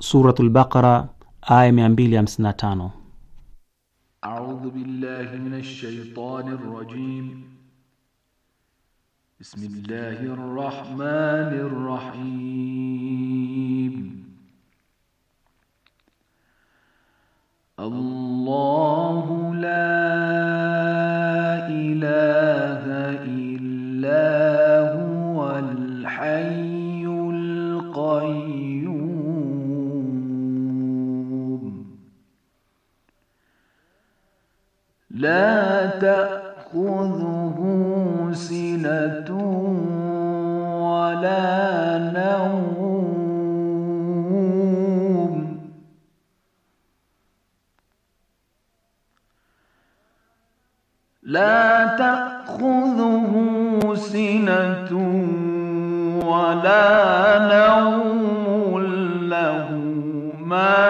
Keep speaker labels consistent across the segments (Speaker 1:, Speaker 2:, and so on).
Speaker 1: Suratul Baqara aya 255. A'udhu billahi
Speaker 2: minash shaitani rajim. Bismillahir rahmanir rahim.
Speaker 1: Allahu
Speaker 2: la لا تأخذه سنة ولا نوم لا تأخذه سنة ولا نوم له ما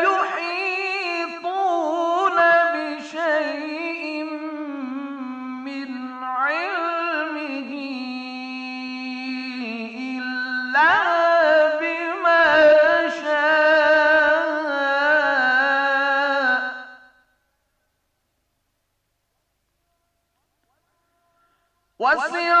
Speaker 2: 왔어요.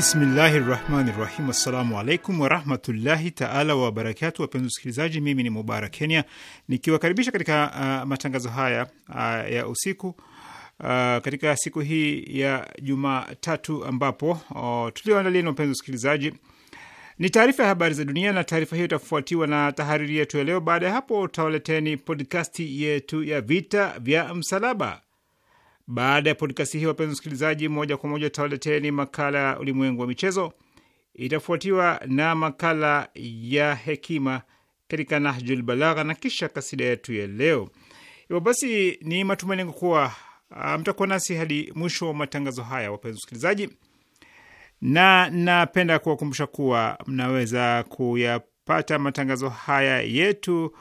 Speaker 3: Bismillahi rahmani rahim. Assalamu alaikum warahmatullahi taala wabarakatu. Wapenzi wasikilizaji, mimi ni Mubarak Kenya nikiwakaribisha katika uh, matangazo haya uh, ya usiku uh, katika siku hii ya Jumatatu ambapo uh, tulioandalia na wapenzi wasikilizaji ni taarifa ya habari za dunia, na taarifa hiyo itafuatiwa na tahariri yetu ya leo. Baada ya hapo, utawaleteni podkasti yetu ya vita vya msalaba baada ya podkasti hii, wapenzi msikilizaji moja kwa moja tutawaleteni makala ya ulimwengu wa michezo, itafuatiwa na makala ya hekima katika Nahjul Balagha na kisha kasida yetu ya leo. Hivyo basi, ni matumaini yangu kuwa uh, mtakuwa nasi hadi mwisho wa matangazo haya, wapenzi msikilizaji na napenda kuwakumbusha kuwa mnaweza kuyapata matangazo haya yetu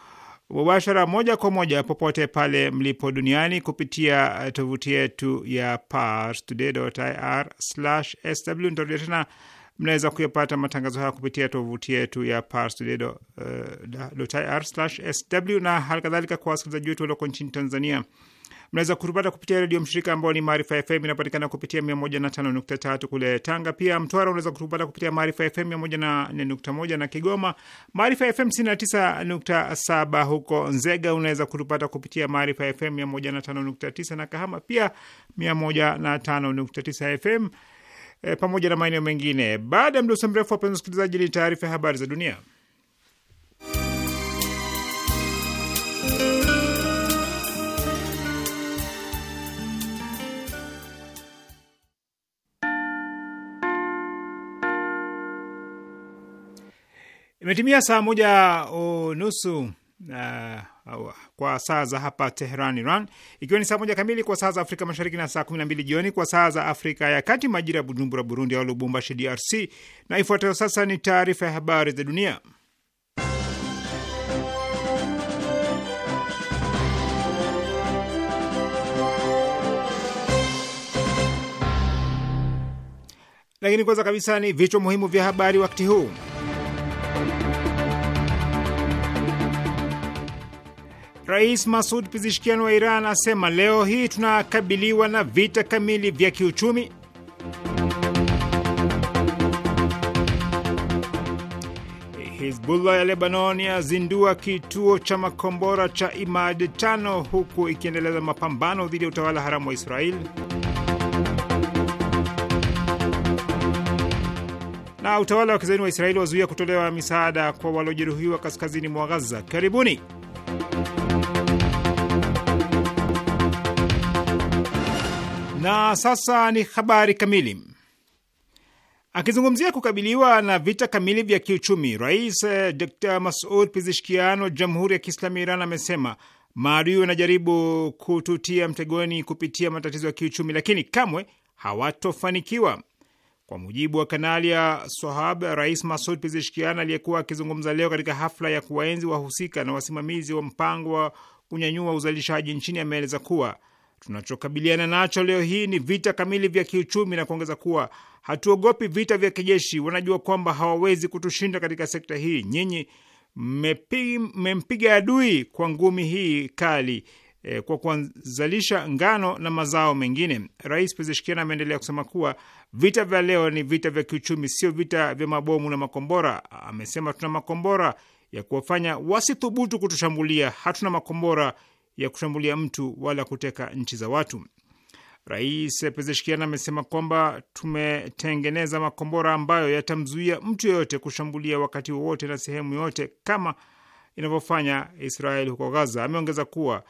Speaker 3: mubashara, moja kwa moja, popote pale mlipo duniani kupitia eh, tovuti yetu ya parstoday.ir/sw. Nitarudia tena, mnaweza kuyapata matangazo haya kupitia tovuti yetu ya parstoday.ir/sw eh, na halikadhalika kwa wasikilizaji wetu walioko nchini Tanzania Mnaweza kutupata kupitia redio mshirika ambao ni Maarifa FM, inapatikana kupitia 105.3 kule Tanga. Pia Mtwara unaweza kutupata kupitia Maarifa FM 104.1 na Kigoma Maarifa FM 99.7. Huko Nzega unaweza kutupata kupitia Maarifa FM 105.9 na Kahama pia 105.9 FM e, pamoja na maeneo mengine. Baada ya mdoso mrefu, wapenzi wasikilizaji, ni taarifa ya habari za dunia. Imetimia saa moja unusu uh, kwa saa za hapa Teheran, Iran, ikiwa ni saa moja kamili kwa saa za Afrika Mashariki na saa kumi na mbili jioni kwa saa za Afrika ya Kati, majira ya Bujumbura, Burundi, au Lubumbashi, DRC. Na ifuatayo sasa ni taarifa ya habari za dunia, lakini kwanza kabisa ni vichwa muhimu vya habari wakati huu. Rais Masud Pizishkian wa Iran asema leo hii tunakabiliwa na vita kamili vya kiuchumi. Hizbullah ya Lebanon yazindua kituo cha makombora cha Imad tano huku ikiendeleza mapambano dhidi ya utawala haramu wa israel na utawala wa kizaini wa Israeli wazuia kutolewa misaada kwa waliojeruhiwa kaskazini mwa Gaza. Karibuni. Na sasa ni habari kamili. Akizungumzia kukabiliwa na vita kamili vya kiuchumi, Rais eh, Dr Masud Pizishkian wa Jamhuri ya Kiislamu ya Iran amesema maadui wanajaribu kututia mtegoni kupitia matatizo ya kiuchumi, lakini kamwe hawatofanikiwa. Kwa mujibu wa kanali ya sohab Rais Masud Pizishkian aliyekuwa akizungumza leo katika hafla ya kuwaenzi wahusika na wasimamizi wa mpango wa kunyanyua uzalishaji nchini ameeleza kuwa Tunachokabiliana nacho leo hii ni vita kamili vya kiuchumi, na kuongeza kuwa hatuogopi vita vya kijeshi. Wanajua kwamba hawawezi kutushinda katika sekta hii. Nyinyi mmempiga adui kwa ngumi hii kali e, kwa kuanzalisha ngano na mazao mengine. Rais Pezeshkian ameendelea kusema kuwa vita vya leo ni vita vya kiuchumi, sio vita vya mabomu na makombora. Amesema tuna makombora ya kuwafanya wasithubutu kutushambulia, hatuna makombora ya kushambulia mtu wala kuteka nchi za watu. Rais Pezeshkian amesema kwamba tumetengeneza makombora ambayo yatamzuia mtu yoyote kushambulia wakati wowote na sehemu yoyote kama inavyofanya Israeli huko Gaza. Ameongeza kuwa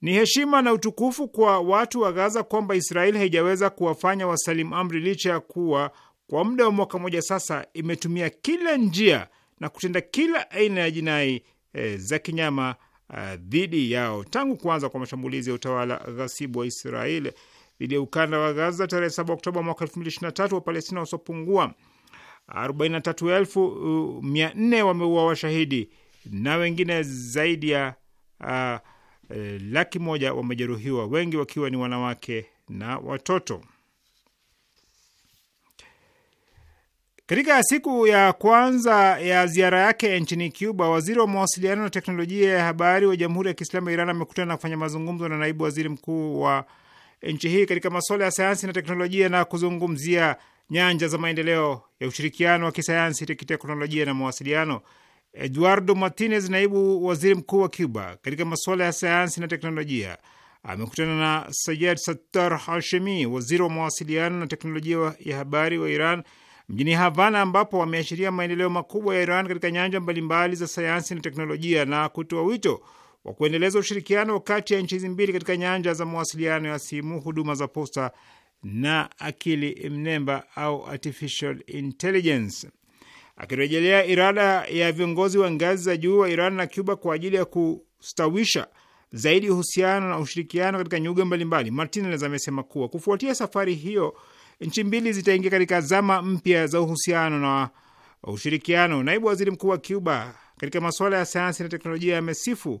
Speaker 3: ni heshima na utukufu kwa watu wa Gaza kwamba Israeli haijaweza kuwafanya wasalimu amri, licha ya kuwa kwa muda wa mwaka mmoja sasa imetumia kila njia na kutenda kila aina ya jinai e, za kinyama Uh, dhidi uh, yao tangu kuanza kwa mashambulizi ya utawala ghasibu wa israel dhidi ya ukanda wa Gaza tarehe 7 Oktoba mwaka 2023 wa Palestina wasiopungua 43,400 wameua washahidi na wengine zaidi ya uh, eh, laki moja wamejeruhiwa, wengi wakiwa ni wanawake na watoto. Katika siku ya kwanza ya ziara yake nchini Cuba, waziri wa mawasiliano na teknolojia ya habari wa Jamhuri ya Kiislamu ya Iran amekutana na kufanya mazungumzo na naibu waziri mkuu wa nchi hii katika masuala ya sayansi na teknolojia na kuzungumzia nyanja za maendeleo ya ushirikiano wa kisayansi, kiteknolojia na mawasiliano. Eduardo Martinez, naibu waziri mkuu wa Cuba katika masuala ya sayansi na teknolojia, amekutana na Sayed Sattar Hashemi, waziri wa mawasiliano na teknolojia ya habari wa Iran mjini Havana, ambapo wameashiria maendeleo makubwa ya Iran katika nyanja mbalimbali za sayansi na teknolojia na kutoa wito wa kuendeleza ushirikiano kati ya nchi hizi mbili katika nyanja za mawasiliano ya simu, huduma za posta na akili mnemba au artificial intelligence. Akirejelea irada ya viongozi wa ngazi za juu wa Iran na Cuba kwa ajili ya kustawisha zaidi uhusiano na ushirikiano katika nyuga mbalimbali, Martinez amesema kuwa kufuatia safari hiyo nchi mbili zitaingia katika zama mpya za uhusiano na ushirikiano. Naibu waziri mkuu wa Cuba katika masuala ya sayansi na teknolojia amesifu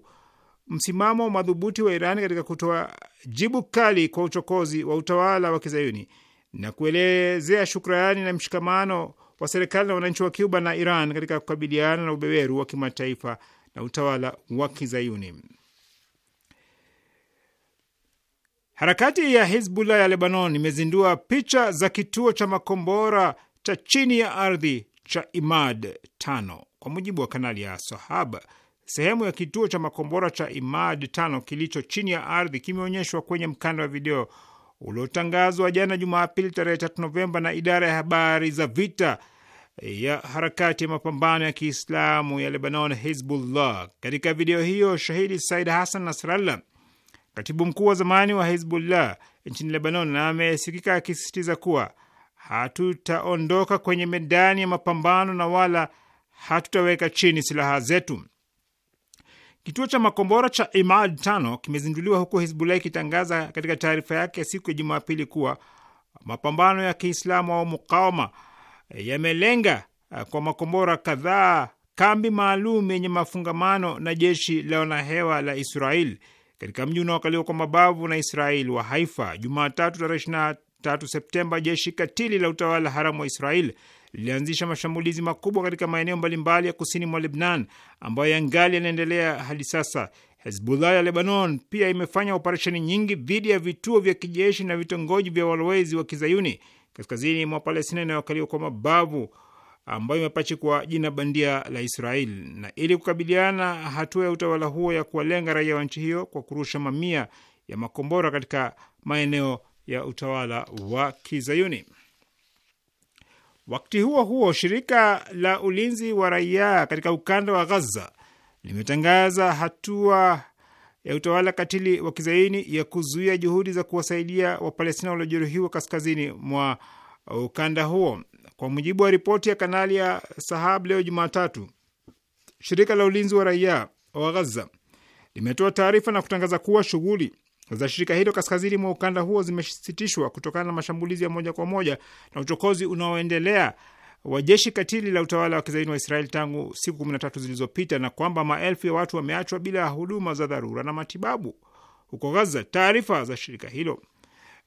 Speaker 3: msimamo madhubuti wa Iran katika kutoa jibu kali kwa uchokozi wa utawala wa kizayuni na kuelezea shukrani na mshikamano wa serikali na wananchi wa Cuba na Iran katika kukabiliana na ubeberu wa kimataifa na utawala wa kizayuni. Harakati ya Hizbullah ya Lebanon imezindua picha za kituo cha makombora cha chini ya ardhi cha Imad tano. Kwa mujibu wa kanali ya Sahab, sehemu ya kituo cha makombora cha Imad tano kilicho chini ya ardhi kimeonyeshwa kwenye mkanda wa video uliotangazwa jana Jumapili tarehe 3 Novemba na idara ya habari za vita ya harakati ya mapambano ya Kiislamu ya Lebanon Hizbullah. Katika video hiyo, shahidi Said Hassan Nasrallah Katibu mkuu wa zamani wa Hizbullah nchini Lebanon amesikika akisisitiza kuwa hatutaondoka kwenye medani ya mapambano na wala hatutaweka chini silaha zetu. Kituo cha makombora cha Imad tano kimezinduliwa huku Hizbullah ikitangaza katika taarifa yake siku ya Jumapili kuwa mapambano ya Kiislamu au mukawama yamelenga kwa makombora kadhaa kambi maalum yenye mafungamano na jeshi la wanahewa la Israel katika mji unaokaliwa kwa mabavu na Israeli wa Haifa. Jumatatu tarehe 23 Septemba, jeshi katili la utawala haramu wa israel lilianzisha mashambulizi makubwa katika maeneo mbalimbali ya kusini mwa Lebnan ambayo yangali yanaendelea hadi sasa. Hezbollah ya Lebanon pia imefanya operesheni nyingi dhidi ya vituo vya kijeshi na vitongoji vya walowezi wa kizayuni kaskazini mwa Palestina inayokaliwa kwa mabavu ambayo imepachikwa jina bandia la Israel. Na ili kukabiliana hatua ya utawala huo ya kuwalenga raia wa nchi hiyo kwa kurusha mamia ya makombora katika maeneo ya utawala wa Kizayuni. Wakati huo huo, shirika la ulinzi wa raia katika ukanda wa Gaza limetangaza hatua ya utawala katili wa kizayuni ya kuzuia juhudi za kuwasaidia Wapalestina waliojeruhiwa kaskazini mwa ukanda huo. Kwa mujibu wa ripoti ya kanali ya Sahab leo Jumatatu, shirika la ulinzi wa raia wa Ghaza limetoa taarifa na kutangaza kuwa shughuli za shirika hilo kaskazini mwa ukanda huo zimesitishwa kutokana na mashambulizi ya moja kwa moja na uchokozi unaoendelea wa jeshi katili la utawala wa kizaini wa Israeli tangu siku kumi na tatu zilizopita na kwamba maelfu ya watu wameachwa bila huduma za dharura na matibabu huko Gaza. Taarifa za shirika hilo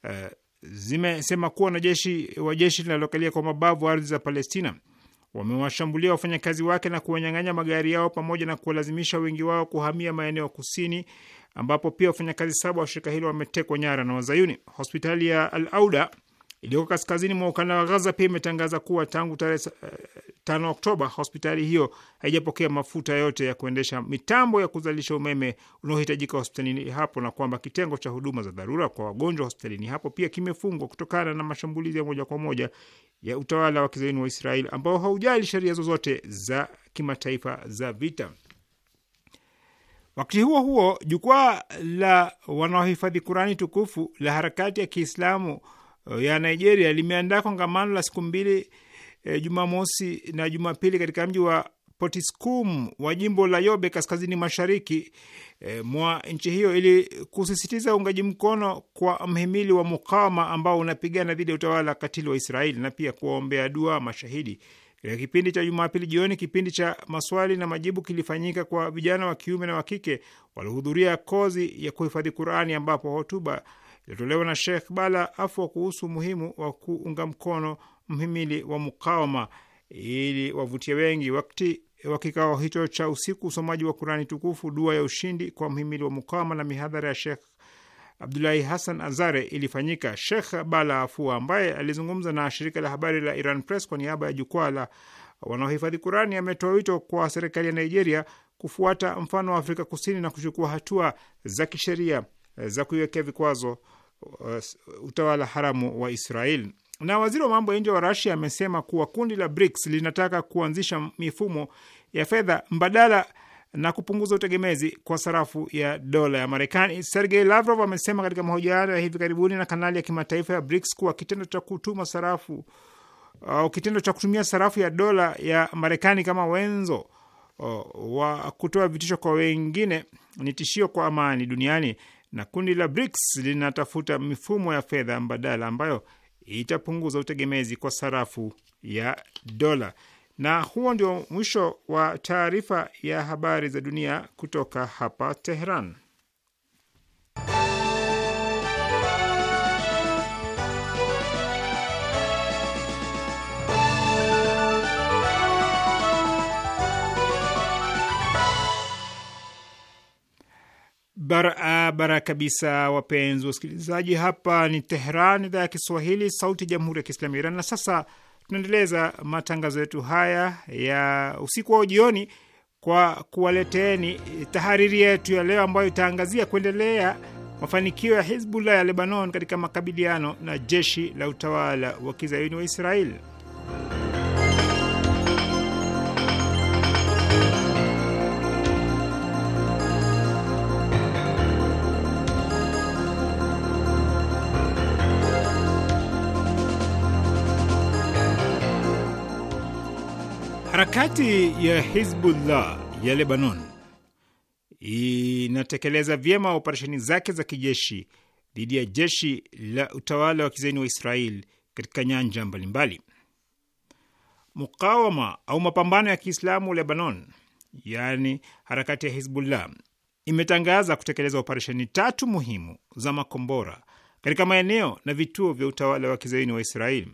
Speaker 3: uh, zimesema kuwa wanajeshi wa jeshi linalokalia kwa mabavu ardhi za Palestina wamewashambulia wafanyakazi wake na kuwanyang'anya magari yao pamoja na kuwalazimisha wengi wao kuhamia maeneo kusini, ambapo pia wafanyakazi saba wa shirika hilo wametekwa nyara na Wazayuni. Hospitali ya Al Auda iliyoko kaskazini mwa ukanda wa Gaza pia imetangaza kuwa tangu tarehe eh, 5 Oktoba, hospitali hiyo haijapokea mafuta yote ya kuendesha mitambo ya kuzalisha umeme unaohitajika hospitalini hapo na kwamba kitengo cha huduma za dharura kwa wagonjwa hospitalini hapo pia kimefungwa kutokana na mashambulizi ya moja kwa moja ya utawala wa kizaini wa Israeli ambao haujali sheria zozote za kimataifa za vita. Wakati huo huo, jukwaa la wanaohifadhi Kurani tukufu la harakati ya Kiislamu uh, ya Nigeria limeandaa kongamano la siku mbili e, Jumamosi na Jumapili katika mji wa Potiskum wa jimbo la Yobe kaskazini mashariki e, mwa nchi hiyo ili kusisitiza uungaji mkono kwa mhimili wa mukawama ambao unapigana dhidi ya utawala katili wa Israeli na pia kuwaombea dua mashahidi. Katika kipindi cha Jumapili jioni, kipindi cha maswali na majibu kilifanyika kwa vijana wa kiume na wa kike waliohudhuria kozi ya kuhifadhi Qurani, ambapo hotuba ilitolewa na Sheikh Bala Afwa kuhusu umuhimu wa kuunga mkono mhimili wa mukawama ili wavutia wengi. Wakati wa kikao hicho cha usiku, usomaji wa Kurani tukufu, dua ya ushindi kwa mhimili wa mukawama na mihadhara ya Shekh Abdulahi Hassan Azare ilifanyika. Shekh Bala Afua ambaye alizungumza na shirika la habari la Iran Press kwa niaba ya jukwaa la wanaohifadhi Kurani ametoa wito kwa serikali ya Nigeria kufuata mfano wa Afrika Kusini na kuchukua hatua za kisheria za kuiwekea vikwazo uh, utawala haramu wa Israel. Na waziri wa mambo ya nje wa Rasia amesema kuwa kundi la BRICS linataka kuanzisha mifumo ya fedha mbadala na kupunguza utegemezi kwa sarafu ya dola ya Marekani. Sergei Lavrov amesema katika mahojiano ya hivi karibuni na kanali ya kimataifa ya BRICS kuwa kitendo cha kutuma sarafu au kitendo cha kutumia sarafu ya dola ya Marekani kama wenzo wa kutoa vitisho kwa wengine ni tishio kwa amani duniani, na kundi la BRICS linatafuta mifumo ya fedha mbadala ambayo itapunguza utegemezi kwa sarafu ya dola. Na huo ndio mwisho wa taarifa ya habari za dunia kutoka hapa Tehran. Barabara kabisa, wapenzi wasikilizaji, hapa ni Tehran, idhaa ya Kiswahili, sauti ya jamhuri ya kiislamu ya Iran. Na sasa tunaendeleza matangazo yetu haya ya usiku wa jioni kwa kuwaleteeni tahariri yetu ya leo ambayo itaangazia kuendelea mafanikio ya Hizbullah ya Lebanon katika makabiliano na jeshi la utawala wa kizayuni wa Israeli. Harakati ya Hizbullah ya Lebanon inatekeleza vyema operesheni zake za kijeshi dhidi ya jeshi la utawala wa kizaini wa Israel katika nyanja mbalimbali. Mukawama au mapambano ya Kiislamu Lebanon, yaani harakati ya Hizbullah, imetangaza kutekeleza operesheni tatu muhimu za makombora katika maeneo na vituo vya utawala wa kizaini wa Israel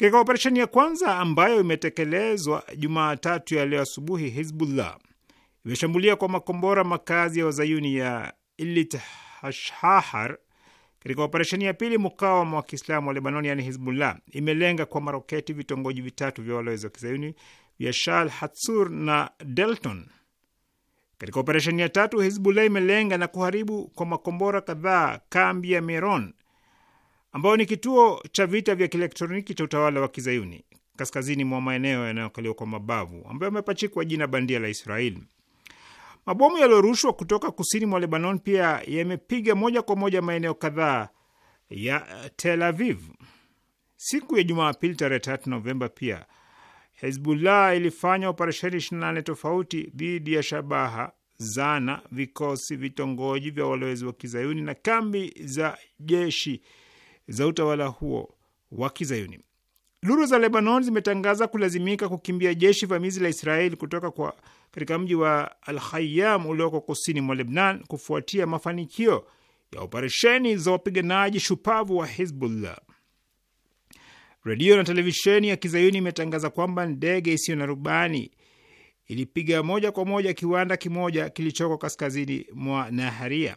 Speaker 3: katika operesheni ya kwanza ambayo imetekelezwa Jumatatu ya leo asubuhi, Hizbullah imeshambulia kwa makombora makazi ya wazayuni ya Ilit Hashahar. Katika operesheni ya pili, mukawama wa Kiislamu wa Lebanon yaani Hizbullah imelenga kwa maroketi vitongoji vitatu vya walowezi wa kizayuni vya Shal Hatsur na Delton. Katika operesheni ya tatu, Hizbullah imelenga na kuharibu kwa makombora kadhaa kambi ya Meron ambayo ni kituo cha vita vya kielektroniki cha utawala wa kizayuni kaskazini mwa maeneo yanayokaliwa kwa mabavu ambayo amepachikwa jina bandia la israel Mabomu yaliyorushwa kutoka kusini mwa Lebanon pia yamepiga moja kwa moja maeneo kadhaa ya Tel Aviv. Siku ya Jumapili tarehe 3 Novemba pia hezbullah ilifanya operesheni 28 tofauti dhidi ya shabaha zana, vikosi, vitongoji vya walowezi wa kizayuni na kambi za jeshi za utawala huo wa Kizayuni. Duru za Lebanon zimetangaza kulazimika kukimbia jeshi vamizi la Israeli kutoka kwa katika mji wa Al Hayam ulioko kusini mwa Lebnan kufuatia mafanikio ya operesheni za wapiganaji shupavu wa Hizbullah. Redio na televisheni ya Kizayuni imetangaza kwamba ndege isiyo na rubani ilipiga moja kwa moja kiwanda kimoja kilichoko kaskazini mwa Naharia.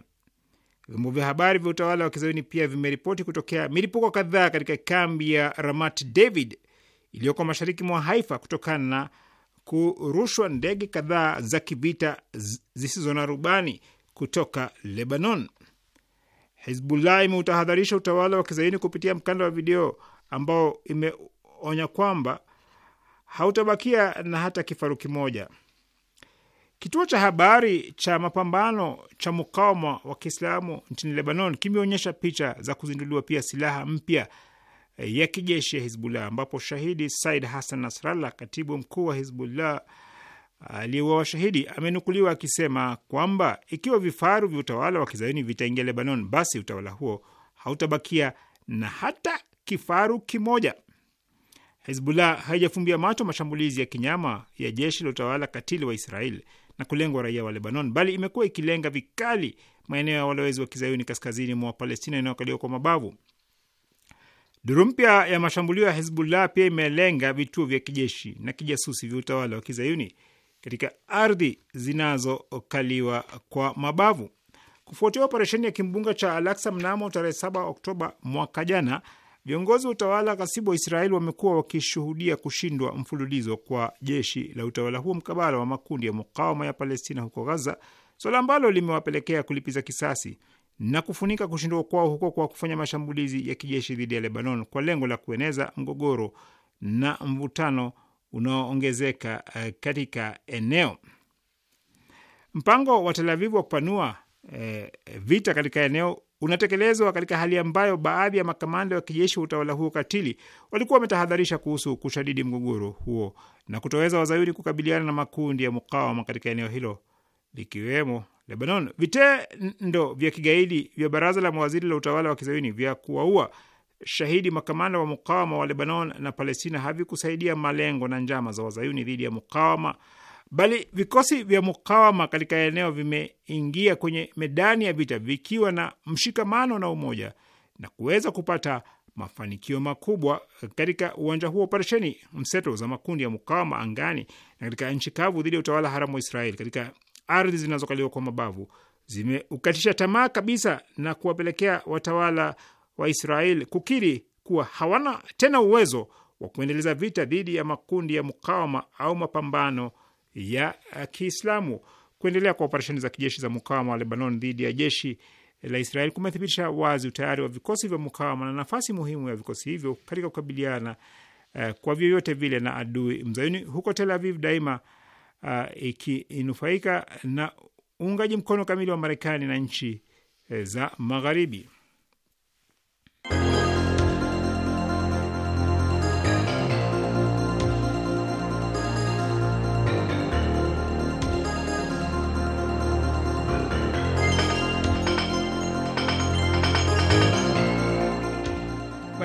Speaker 3: Vyombo vya habari vya utawala wa kizayuni pia vimeripoti kutokea milipuko kadhaa katika kambi ya Ramat David iliyoko mashariki mwa Haifa kutokana na kurushwa ndege kadhaa za kivita zisizo na rubani kutoka Lebanon. Hizbullah imeutahadharisha utawala wa kizayuni kupitia mkanda wa video ambao imeonya kwamba hautabakia na hata kifaru kimoja. Kituo cha habari cha mapambano cha mukawama wa Kiislamu nchini Lebanon kimeonyesha picha za kuzinduliwa pia silaha mpya eh, ya kijeshi ya Hizbullah ambapo shahidi Said Hassan Nasrallah, katibu mkuu wa Hizbullah aliyeuawa shahidi, amenukuliwa akisema kwamba ikiwa vifaru vya utawala wa kizaini vitaingia Lebanon, basi utawala huo hautabakia na hata kifaru kimoja. Hizbullah haijafumbia macho mashambulizi ya kinyama ya jeshi la utawala katili wa Israel na kulengwa raia wa Lebanon, bali imekuwa ikilenga vikali maeneo ya walowezi wa kizayuni kaskazini mwa Palestina inayokaliwa kwa mabavu. Duru mpya ya mashambulio ya Hezbullah pia imelenga vituo vya kijeshi na kijasusi vya utawala wa kizayuni katika ardhi zinazokaliwa kwa mabavu. Kufuatia operesheni ya kimbunga cha Alaksa mnamo tarehe 7 Oktoba mwaka jana, Viongozi wa utawala kasibu wa Israeli wamekuwa wakishuhudia kushindwa mfululizo kwa jeshi la utawala huo mkabala wa makundi ya mukawama ya Palestina huko Gaza, swala ambalo limewapelekea kulipiza kisasi na kufunika kushindwa kwao huko kwa kufanya mashambulizi ya kijeshi dhidi ya Lebanon kwa lengo la kueneza mgogoro na mvutano unaoongezeka eh, katika eneo. Mpango wa Tel Aviv wa kupanua eh, vita katika eneo unatekelezwa katika hali ambayo baadhi ya makamanda wa kijeshi wa utawala huo katili walikuwa wametahadharisha kuhusu kushadidi mgogoro huo na kutoweza wazayuni kukabiliana na makundi ya mukawama katika eneo hilo likiwemo Lebanon. Vitendo vya kigaidi vya baraza la mawaziri la utawala wa kizayuni vya kuwaua shahidi makamanda wa mukawama wa Lebanon na Palestina havikusaidia malengo na njama za wazayuni dhidi ya mukawama bali vikosi vya mukawama katika eneo vimeingia kwenye medani ya vita vikiwa na mshikamano na umoja na kuweza kupata mafanikio makubwa katika uwanja huo operesheni mseto za makundi ya mukawama angani na katika nchi kavu dhidi ya utawala haramu wa Israeli katika ardhi zinazokaliwa kwa mabavu zimeukatisha tamaa kabisa na kuwapelekea watawala wa Israeli kukiri kuwa hawana tena uwezo wa kuendeleza vita dhidi ya makundi ya mukawama au mapambano ya Kiislamu. Kuendelea kwa operesheni za kijeshi za mukawama wa Lebanon dhidi ya jeshi la Israeli kumethibitisha wazi utayari wa vikosi vya mukawama na nafasi muhimu ya vikosi hivyo katika kukabiliana uh, kwa vyovyote vile na adui mzayuni, huko Tel Aviv daima uh, ikinufaika na uungaji mkono kamili wa Marekani na nchi eh, za Magharibi.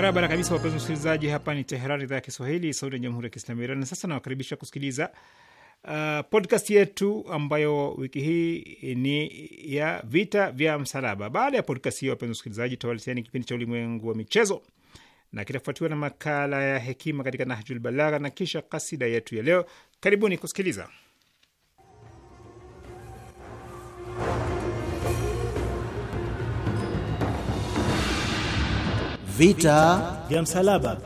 Speaker 3: Barabara kabisa, wapenzi msikilizaji, hapa ni teheran idhaa ya Kiswahili, sauti ya jamhuri ya kiislamu ya Iran. Na sasa nawakaribisha kusikiliza uh, podcast yetu ambayo wiki hii ni ya vita vya msalaba. Baada ya podcast hiyo, wapenzi msikilizaji, tawalisiani kipindi cha ulimwengu wa michezo na kitafuatiwa na makala ya hekima katika Nahjul Balagha na kisha kasida yetu ya leo. Karibuni kusikiliza.
Speaker 4: Vita vya msalaba.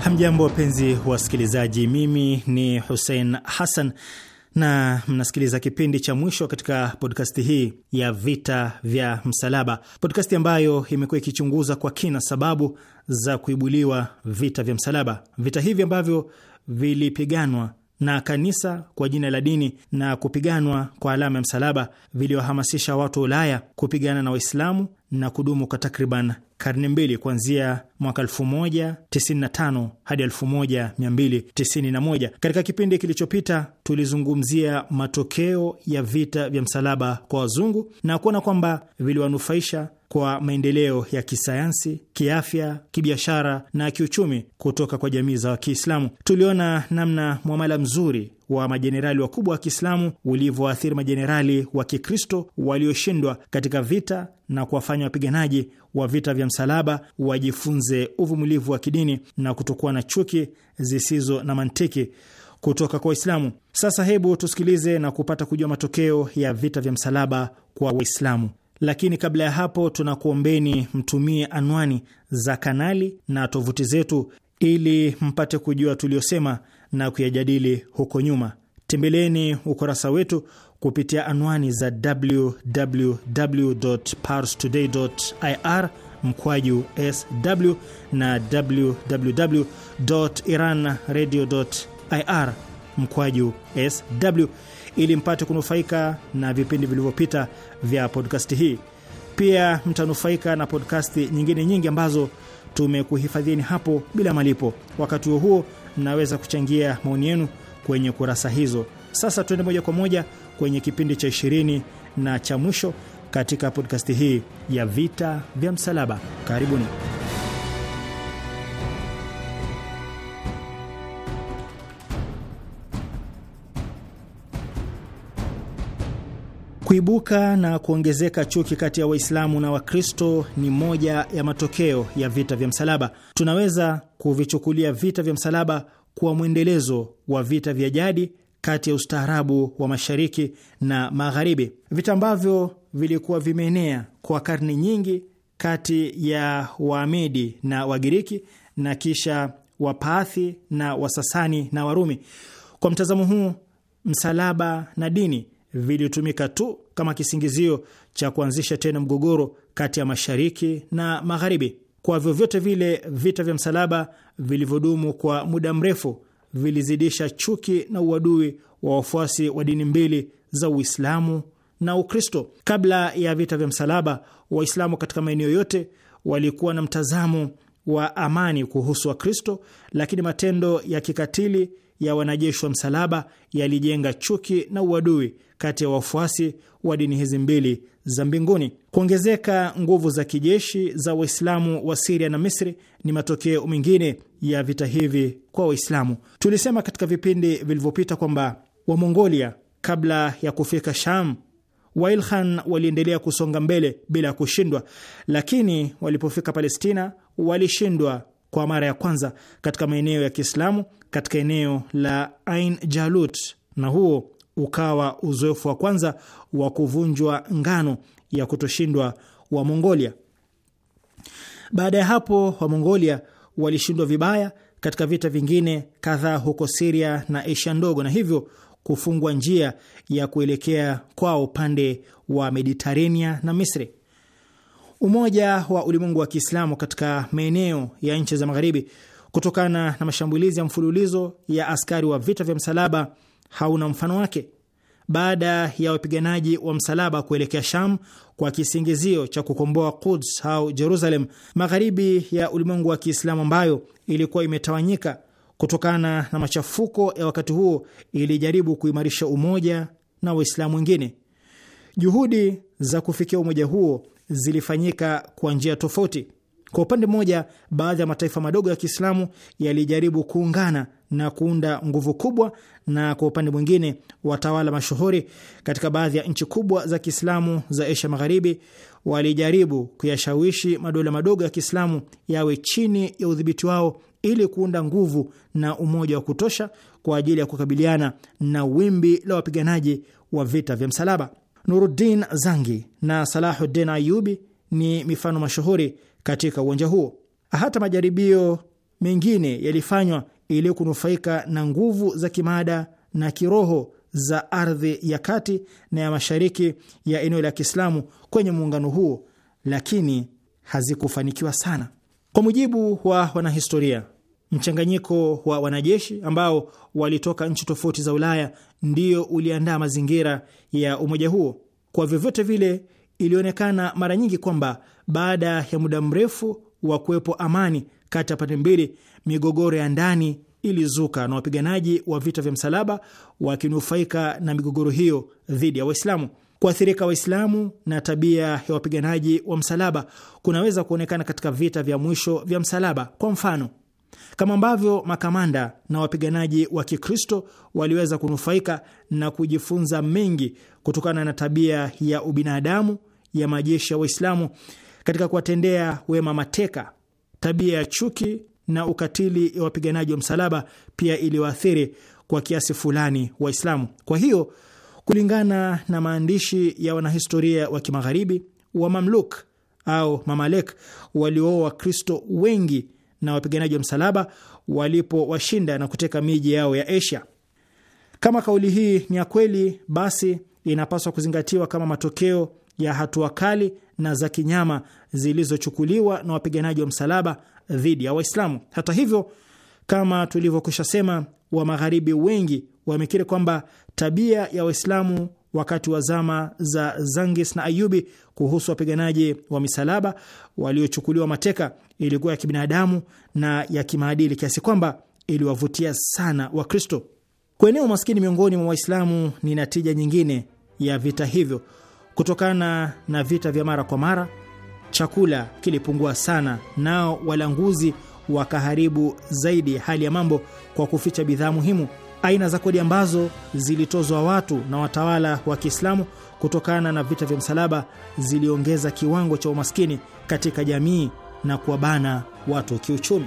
Speaker 4: Hamjambo, wapenzi wasikilizaji, mimi ni Hussein Hassan na mnasikiliza kipindi cha mwisho katika podkasti hii ya vita vya msalaba, podkasti ambayo imekuwa ikichunguza kwa kina sababu za kuibuliwa vita vya msalaba, vita hivi ambavyo vilipiganwa na kanisa kwa jina la dini na kupiganwa kwa alama ya msalaba viliwahamasisha watu wa Ulaya kupigana na Waislamu na kudumu kwa takriban karne mbili kuanzia mwaka 1095 hadi 1291. Katika kipindi kilichopita tulizungumzia matokeo ya vita vya msalaba kwa wazungu na kuona kwamba viliwanufaisha kwa maendeleo ya kisayansi, kiafya, kibiashara na kiuchumi kutoka kwa jamii za Kiislamu. Tuliona namna mwamala mzuri wa majenerali wakubwa wa Kiislamu ulivyoathiri majenerali wa Kikristo walioshindwa katika vita na kuwafanya wapiganaji wa vita vya msalaba wajifunze uvumilivu wa kidini na kutokuwa na chuki zisizo na mantiki kutoka kwa Waislamu. Sasa hebu tusikilize na kupata kujua matokeo ya vita vya msalaba kwa Waislamu lakini kabla ya hapo tunakuombeni mtumie anwani za kanali na tovuti zetu ili mpate kujua tuliyosema na kuyajadili huko nyuma. Tembeleni ukurasa wetu kupitia anwani za ir mkwaju sw na ir mkwaju sw ili mpate kunufaika na vipindi vilivyopita vya podkasti hii. Pia mtanufaika na podkasti nyingine nyingi ambazo tumekuhifadhieni hapo bila malipo. Wakati huo huo, mnaweza kuchangia maoni yenu kwenye kurasa hizo. Sasa tuende moja kwa moja kwenye kipindi cha ishirini na cha mwisho katika podkasti hii ya vita vya msalaba. Karibuni. Kuibuka na kuongezeka chuki kati ya Waislamu na Wakristo ni moja ya matokeo ya vita vya msalaba. Tunaweza kuvichukulia vita vya msalaba kuwa mwendelezo wa vita vya jadi kati ya ustaarabu wa mashariki na magharibi, vita ambavyo vilikuwa vimeenea kwa karne nyingi kati ya Waamedi na Wagiriki na kisha Wapaathi na Wasasani na Warumi. Kwa mtazamo huu, msalaba na dini vilitumika tu kama kisingizio cha kuanzisha tena mgogoro kati ya mashariki na magharibi. Kwa vyovyote vile, vita vya msalaba vilivyodumu kwa muda mrefu vilizidisha chuki na uadui wa wafuasi wa dini mbili za Uislamu na Ukristo. Kabla ya vita vya msalaba, Waislamu katika maeneo yote walikuwa na mtazamo wa amani kuhusu Wakristo, lakini matendo ya kikatili ya wanajeshi wa msalaba yalijenga chuki na uadui kati ya wafuasi wa dini hizi mbili za mbinguni. Kuongezeka nguvu za kijeshi za Waislamu wa Siria na Misri ni matokeo mengine ya vita hivi kwa Waislamu. Tulisema katika vipindi vilivyopita kwamba Wamongolia kabla ya kufika Sham, Wailhan waliendelea kusonga mbele bila ya kushindwa, lakini walipofika Palestina walishindwa kwa mara ya kwanza katika maeneo ya Kiislamu katika eneo la Ain Jalut, na huo ukawa uzoefu wa kwanza wa kuvunjwa ngano ya kutoshindwa wa Mongolia. Baada ya hapo, wa Mongolia walishindwa vibaya katika vita vingine kadhaa huko Siria na Asia ndogo na hivyo kufungwa njia ya kuelekea kwao upande wa Mediterania na Misri. Umoja wa Ulimwengu wa Kiislamu katika maeneo ya nchi za Magharibi kutokana na mashambulizi ya mfululizo ya askari wa vita vya msalaba hauna mfano wake. Baada ya wapiganaji wa msalaba kuelekea Sham kwa kisingizio cha kukomboa Quds au Jerusalem, magharibi ya ulimwengu wa Kiislamu ambayo ilikuwa imetawanyika kutokana na machafuko ya wakati huo ilijaribu kuimarisha umoja na Waislamu wengine. Juhudi za kufikia umoja huo zilifanyika kwa njia tofauti. Kwa upande mmoja, baadhi ya mataifa madogo ya Kiislamu yalijaribu kuungana na kuunda nguvu kubwa, na kwa upande mwingine, watawala mashuhuri katika baadhi ya nchi kubwa za Kiislamu za Asia Magharibi walijaribu kuyashawishi madola madogo ya Kiislamu yawe chini ya udhibiti wao ili kuunda nguvu na umoja wa kutosha kwa ajili ya kukabiliana na wimbi la wapiganaji wa vita vya msalaba. Nuruddin Zangi na Salahuddin Ayubi ni mifano mashuhuri katika uwanja huo. Hata majaribio mengine yalifanywa ili kunufaika na nguvu za kimada na kiroho za ardhi ya kati na ya mashariki ya eneo la Kiislamu kwenye muungano huo, lakini hazikufanikiwa sana. Kwa mujibu wa wanahistoria, mchanganyiko wa wanajeshi ambao walitoka nchi tofauti za Ulaya ndio uliandaa mazingira ya umoja huo. Kwa vyovyote vile, ilionekana mara nyingi kwamba baada ya muda mrefu wa kuwepo amani kati ya pande mbili, migogoro ya ndani ilizuka na wapiganaji wa vita vya msalaba wakinufaika na migogoro hiyo dhidi ya Waislamu. Kuathirika Waislamu na tabia ya wapiganaji wa msalaba kunaweza kuonekana katika vita vya mwisho vya msalaba. Kwa mfano, kama ambavyo makamanda na wapiganaji wa Kikristo waliweza kunufaika na kujifunza mengi kutokana na tabia ya ubinadamu ya majeshi ya Waislamu katika kuwatendea wema mateka. Tabia ya chuki na ukatili ya wapiganaji wa msalaba pia iliwaathiri kwa kiasi fulani Waislamu. Kwa hiyo, kulingana na maandishi ya wanahistoria wa Kimagharibi, wa Mamluk au Mamalek walioa Wakristo wengi na wapiganaji wa msalaba walipowashinda na kuteka miji yao ya Asia. Kama kauli hii ni ya kweli, basi inapaswa kuzingatiwa kama matokeo ya hatua kali na za kinyama zilizochukuliwa na wapiganaji wa msalaba dhidi ya Waislamu. Hata hivyo, kama tulivyokwisha sema, wa magharibi wengi wamekiri kwamba tabia ya Waislamu wakati wa zama za Zangis na Ayubi kuhusu wapiganaji wa misalaba waliochukuliwa mateka ilikuwa ya kibinadamu na ya kimaadili kiasi kwamba iliwavutia sana Wakristo. Kuenea umaskini miongoni mwa Waislamu ni natija nyingine ya vita hivyo. Kutokana na vita vya mara kwa mara, chakula kilipungua sana, nao walanguzi wakaharibu zaidi hali ya mambo kwa kuficha bidhaa muhimu. Aina za kodi ambazo zilitozwa watu na watawala wa Kiislamu kutokana na vita vya msalaba ziliongeza kiwango cha umaskini katika jamii na kuwabana watu kiuchumi.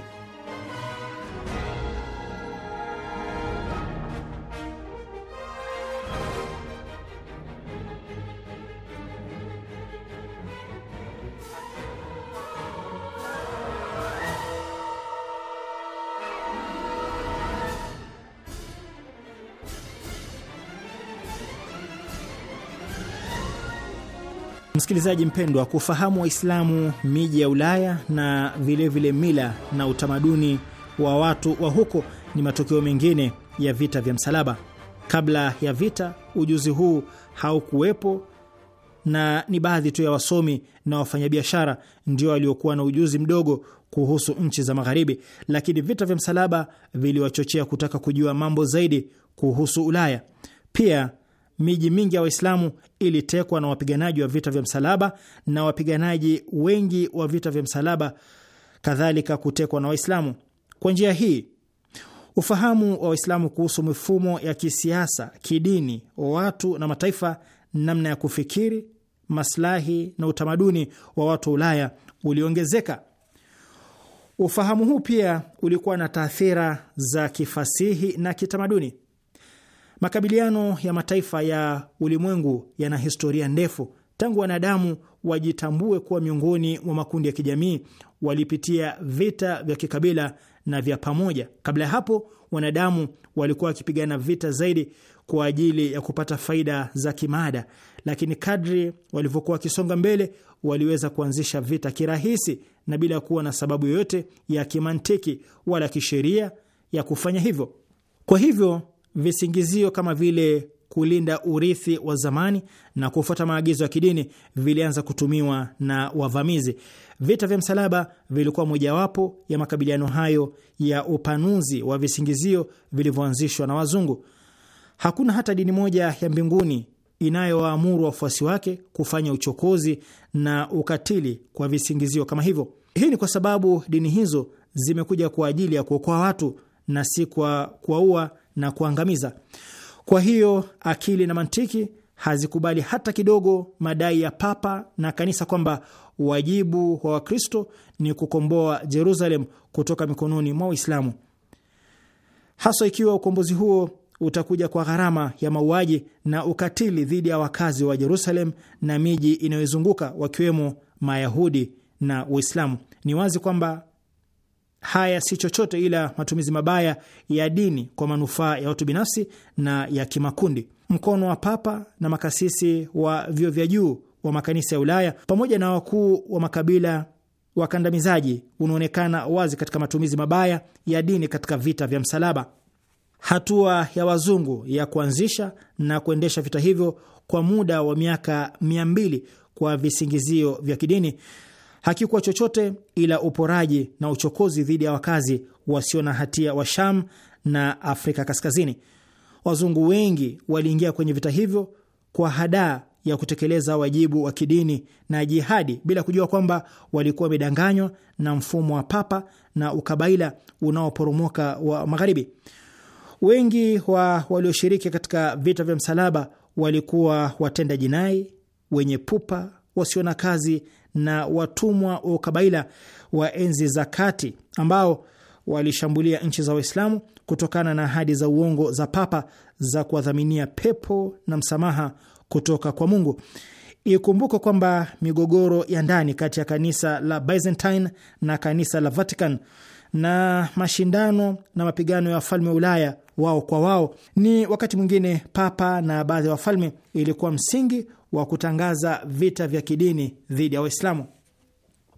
Speaker 4: Msikilizaji mpendwa, kufahamu Waislamu miji ya Ulaya na vilevile vile mila na utamaduni wa watu wa huko ni matokeo mengine ya vita vya msalaba. Kabla ya vita, ujuzi huu haukuwepo na ni baadhi tu ya wasomi na wafanyabiashara ndio waliokuwa na ujuzi mdogo kuhusu nchi za Magharibi, lakini vita vya msalaba viliwachochea kutaka kujua mambo zaidi kuhusu Ulaya. Pia miji mingi ya Waislamu ilitekwa na wapiganaji wa vita vya msalaba na wapiganaji wengi wa vita vya msalaba kadhalika kutekwa na Waislamu. Kwa njia hii, ufahamu wa Waislamu kuhusu mifumo ya kisiasa, kidini, watu na mataifa, namna ya kufikiri, maslahi na utamaduni wa watu wa Ulaya uliongezeka. Ufahamu huu pia ulikuwa na taathira za kifasihi na kitamaduni. Makabiliano ya mataifa ya ulimwengu yana historia ndefu. Tangu wanadamu wajitambue kuwa miongoni mwa makundi ya kijamii, walipitia vita vya kikabila na vya pamoja. Kabla ya hapo, wanadamu walikuwa wakipigana vita zaidi kwa ajili ya kupata faida za kimada lakini kadri walivyokuwa wakisonga mbele, waliweza kuanzisha vita kirahisi na bila kuwa na sababu yoyote ya kimantiki wala kisheria ya kufanya hivyo. Kwa hivyo Visingizio kama vile kulinda urithi wa zamani na kufuata maagizo ya kidini vilianza kutumiwa na wavamizi. Vita vya msalaba vilikuwa mojawapo ya makabiliano hayo ya upanuzi wa visingizio vilivyoanzishwa na wazungu. Hakuna hata dini moja ya mbinguni inayowaamuru wafuasi wake kufanya uchokozi na ukatili kwa visingizio kama hivyo. Hii ni kwa sababu dini hizo zimekuja kwa ajili ya kuokoa watu na si kwa kuwaua na kuangamiza. Kwa hiyo akili na mantiki hazikubali hata kidogo madai ya papa na kanisa kwamba wajibu wa Wakristo ni kukomboa Jerusalem kutoka mikononi mwa Waislamu, haswa ikiwa ukombozi huo utakuja kwa gharama ya mauaji na ukatili dhidi ya wakazi wa Jerusalem na miji inayozunguka wakiwemo Mayahudi na Waislamu. Ni wazi kwamba haya si chochote ila matumizi mabaya ya dini kwa manufaa ya watu binafsi na ya kimakundi. Mkono wa papa na makasisi wa vyo vya juu wa makanisa ya Ulaya pamoja na wakuu wa makabila wakandamizaji unaonekana wazi katika matumizi mabaya ya dini katika vita vya msalaba. Hatua ya wazungu ya kuanzisha na kuendesha vita hivyo kwa muda wa miaka mia mbili kwa visingizio vya kidini hakikuwa chochote ila uporaji na uchokozi dhidi ya wakazi wasio na hatia wa Sham na Afrika Kaskazini. Wazungu wengi waliingia kwenye vita hivyo kwa hadaa ya kutekeleza wajibu wa kidini na jihadi bila kujua kwamba walikuwa wamedanganywa na mfumo wa papa na ukabaila unaoporomoka wa Magharibi. Wengi wa walioshiriki katika vita vya msalaba walikuwa watenda jinai, wenye pupa, wasio na kazi na watumwa wa ukabaila wa enzi za kati ambao walishambulia nchi za Waislamu kutokana na ahadi za uongo za papa za kuwadhaminia pepo na msamaha kutoka kwa Mungu. Ikumbuke kwamba migogoro ya ndani kati ya kanisa la Byzantine na kanisa la Vatican na mashindano na mapigano ya wafalme wa Ulaya wao kwa wao, ni wakati mwingine papa na baadhi ya wafalme ilikuwa msingi wa kutangaza vita vya kidini dhidi ya Waislamu.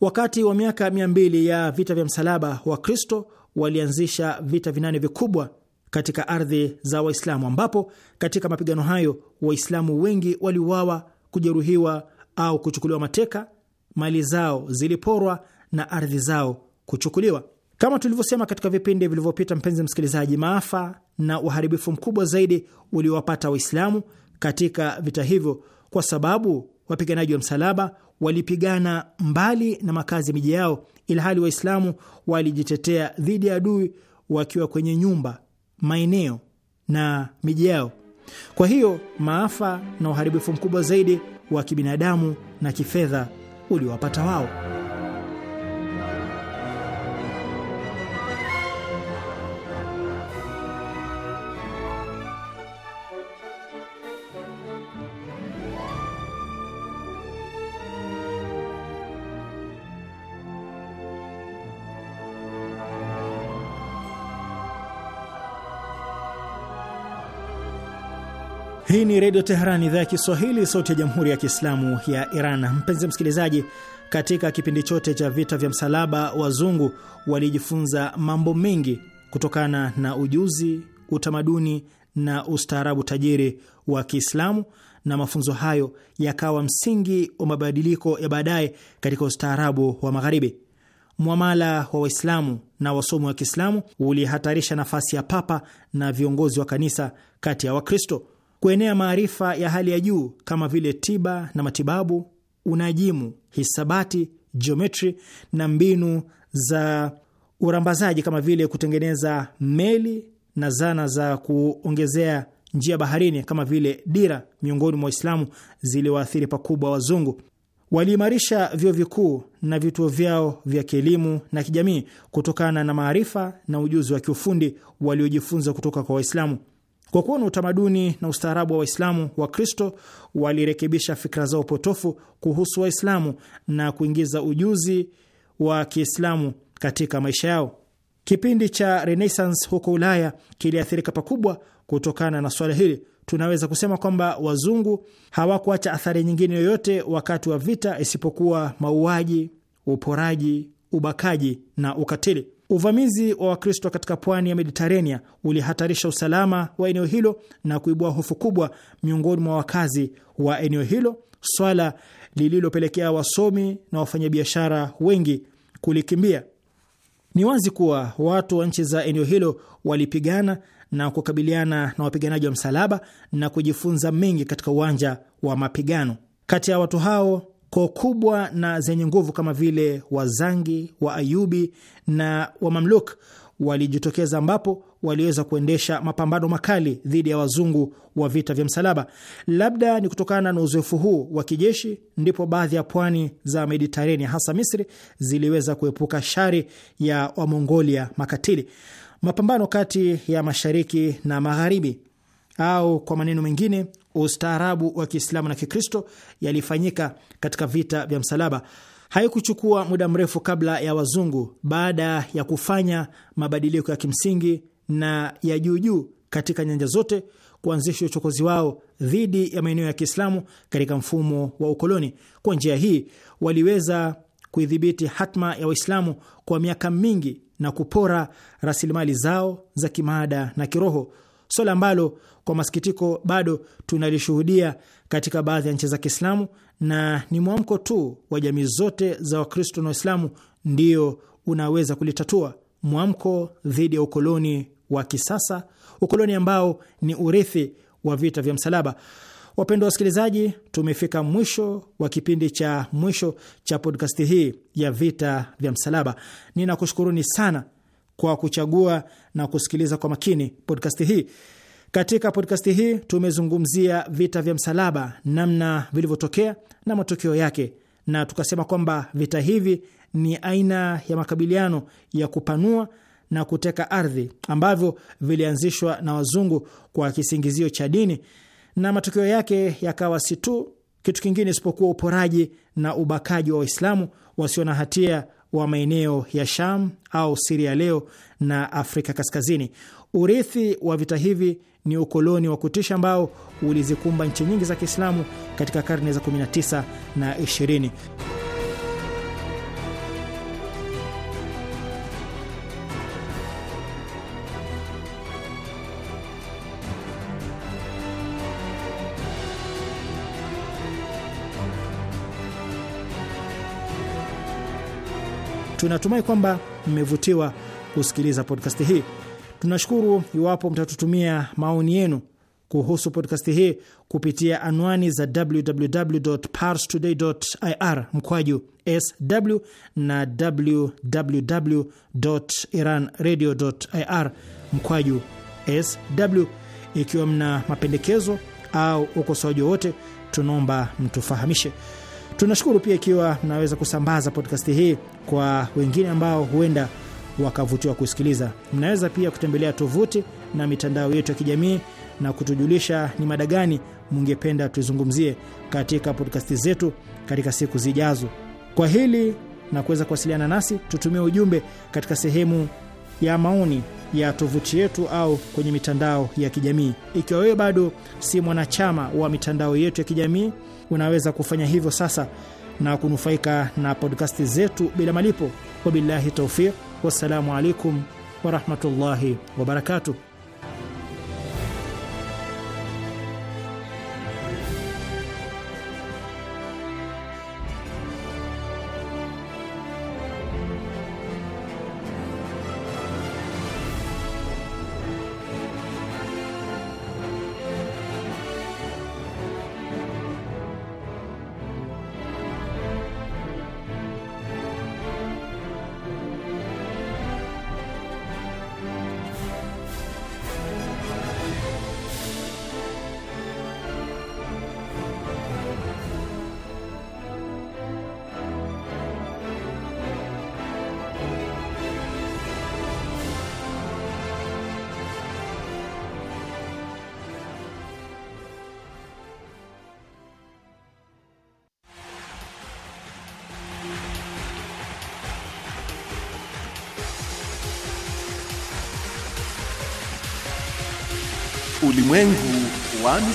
Speaker 4: Wakati wa miaka mia mbili ya vita vya msalaba, Wakristo walianzisha vita vinane vikubwa katika ardhi za Waislamu, ambapo katika mapigano hayo Waislamu wengi waliuawa, kujeruhiwa au kuchukuliwa mateka, mali zao ziliporwa na ardhi zao kuchukuliwa. Kama tulivyosema katika vipindi vilivyopita, mpenzi msikilizaji, maafa na uharibifu mkubwa zaidi uliowapata Waislamu katika vita hivyo kwa sababu wapiganaji wa msalaba walipigana mbali na makazi ya miji yao, ilhali Waislamu walijitetea dhidi ya adui wakiwa kwenye nyumba, maeneo na miji yao. Kwa hiyo maafa na uharibifu mkubwa zaidi wa kibinadamu na kifedha uliwapata wao. Hii ni Redio Teheran, idhaa ya Kiswahili, sauti ya Jamhuri ya Kiislamu ya Iran. Mpenzi msikilizaji, katika kipindi chote cha vita vya msalaba, wazungu walijifunza mambo mengi kutokana na ujuzi, utamaduni na ustaarabu tajiri wa Kiislamu, na mafunzo hayo yakawa msingi wa mabadiliko ya baadaye katika ustaarabu wa Magharibi. Mwamala wa Waislamu na wasomi wa Kiislamu ulihatarisha nafasi ya Papa na viongozi wa kanisa kati ya Wakristo kuenea maarifa ya hali ya juu kama vile tiba na matibabu, unajimu, hisabati, jiometri na mbinu za urambazaji kama vile kutengeneza meli na zana za kuongezea njia baharini kama vile dira, miongoni mwa Waislamu ziliwaathiri pakubwa Wazungu. Waliimarisha vyuo vikuu na vituo vyao vya kielimu na kijamii kutokana na maarifa na ujuzi wa kiufundi waliojifunza kutoka kwa Waislamu. Kwa kuwa na utamaduni na ustaarabu wa Waislamu, Wakristo walirekebisha fikra zao potofu kuhusu Waislamu na kuingiza ujuzi wa Kiislamu katika maisha yao. Kipindi cha Renaissance huko Ulaya kiliathirika pakubwa kutokana na swala hili. Tunaweza kusema kwamba wazungu hawakuacha athari nyingine yoyote wakati wa vita isipokuwa mauaji, uporaji, ubakaji na ukatili. Uvamizi wa Wakristo katika pwani ya Mediterania ulihatarisha usalama wa eneo hilo na kuibua hofu kubwa miongoni mwa wakazi wa eneo hilo, swala lililopelekea wasomi na wafanyabiashara wengi kulikimbia. Ni wazi kuwa watu wa nchi za eneo hilo walipigana na kukabiliana na wapiganaji wa msalaba na kujifunza mengi katika uwanja wa mapigano. Kati ya watu hao koo kubwa na zenye nguvu kama vile Wazangi, Waayubi na Wamamluk walijitokeza ambapo waliweza kuendesha mapambano makali dhidi ya wazungu wa vita vya msalaba. Labda ni kutokana na uzoefu huu wa kijeshi, ndipo baadhi ya pwani za Mediterania hasa Misri ziliweza kuepuka shari ya Wamongolia makatili. Mapambano kati ya mashariki na magharibi, au kwa maneno mengine, ustaarabu wa Kiislamu na Kikristo yalifanyika katika vita vya msalaba. Haikuchukua muda mrefu kabla ya wazungu, baada ya kufanya mabadiliko ya kimsingi na ya juujuu katika nyanja zote, kuanzisha uchokozi wao dhidi ya maeneo ya Kiislamu katika mfumo wa ukoloni. Kwa njia hii waliweza kuidhibiti hatma ya Waislamu kwa miaka mingi na kupora rasilimali zao za kimaada na kiroho, swala ambalo kwa masikitiko bado tunalishuhudia katika baadhi ya nchi za Kiislamu, na ni mwamko tu wa jamii zote za Wakristo na Waislamu ndio unaweza kulitatua. Mwamko dhidi ya ukoloni wa kisasa, ukoloni ambao ni urithi wa vita vya msalaba. Wapendwa wasikilizaji, tumefika mwisho wa kipindi cha mwisho cha podkasti hii ya vita vya msalaba. Ninakushukuruni sana kwa kuchagua na kusikiliza kwa makini podkasti hii. Katika podkasti hii tumezungumzia vita vya msalaba, namna vilivyotokea na matokeo yake, na tukasema kwamba vita hivi ni aina ya makabiliano ya kupanua na kuteka ardhi ambavyo vilianzishwa na wazungu kwa kisingizio cha dini, na matokeo yake yakawa si tu kitu kingine isipokuwa uporaji na ubakaji wa Waislamu wasio na hatia wa maeneo ya Sham au Siria leo na Afrika Kaskazini. Urithi wa vita hivi ni ukoloni wa kutisha ambao ulizikumba nchi nyingi za Kiislamu katika karne za 19 na 20. Tunatumai kwamba mmevutiwa kusikiliza podcast hii. Tunashukuru iwapo mtatutumia maoni yenu kuhusu podkasti hii kupitia anwani za www parstoday ir mkwaju sw na www iran radio ir mkwaju sw. Ikiwa mna mapendekezo au ukosoaji wowote, tunaomba mtufahamishe. Tunashukuru pia ikiwa mnaweza kusambaza podkasti hii kwa wengine ambao huenda wakavutiwa kusikiliza. Mnaweza pia kutembelea tovuti na mitandao yetu ya kijamii na kutujulisha ni mada gani mungependa tuzungumzie katika podkasti zetu katika siku zijazo. Kwa hili na kuweza kuwasiliana nasi, tutumie ujumbe katika sehemu ya maoni ya tovuti yetu au kwenye mitandao ya kijamii. Ikiwa wewe bado si mwanachama wa mitandao yetu ya kijamii, unaweza kufanya hivyo sasa na kunufaika na podkasti zetu bila malipo. Wabillahi taufiq, wassalamu alaikum warahmatullahi wabarakatuh.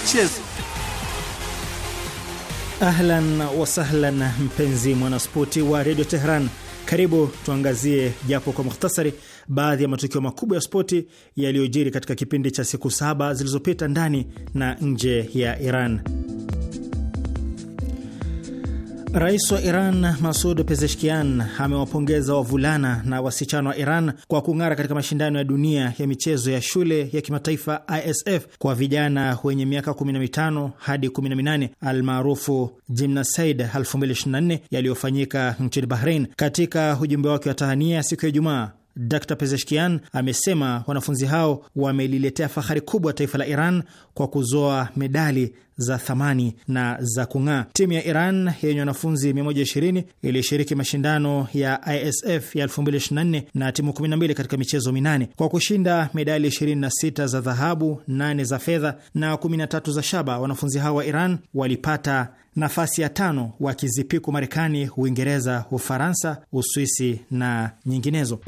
Speaker 4: michezo. Ahlan wasahlan, mpenzi mwanaspoti wa redio Tehran, karibu tuangazie japo kwa mukhtasari baadhi ya matukio makubwa ya spoti yaliyojiri katika kipindi cha siku saba zilizopita ndani na nje ya Iran. Rais wa Iran Masud Pezeshkian amewapongeza wavulana na wasichana wa Iran kwa kung'ara katika mashindano ya dunia ya michezo ya shule ya kimataifa ISF kwa vijana wenye miaka 15 hadi 18 almaarufu Jimnasaid 2024 yaliyofanyika nchini Bahrain. Katika ujumbe wake wa tahania siku ya Ijumaa, Dr Pezeshkian amesema wanafunzi hao wameliletea fahari kubwa taifa la Iran kwa kuzoa medali za thamani na za kung'aa. Timu ya Iran yenye wanafunzi 120 ilishiriki mashindano ya ISF ya 2024 na timu 12 katika michezo minane kwa kushinda medali 26 za dhahabu, 8 za fedha na 13 za shaba. Wanafunzi hawa wa Iran walipata nafasi ya tano wakizipiku Marekani, Uingereza, Ufaransa, Uswisi na nyinginezo.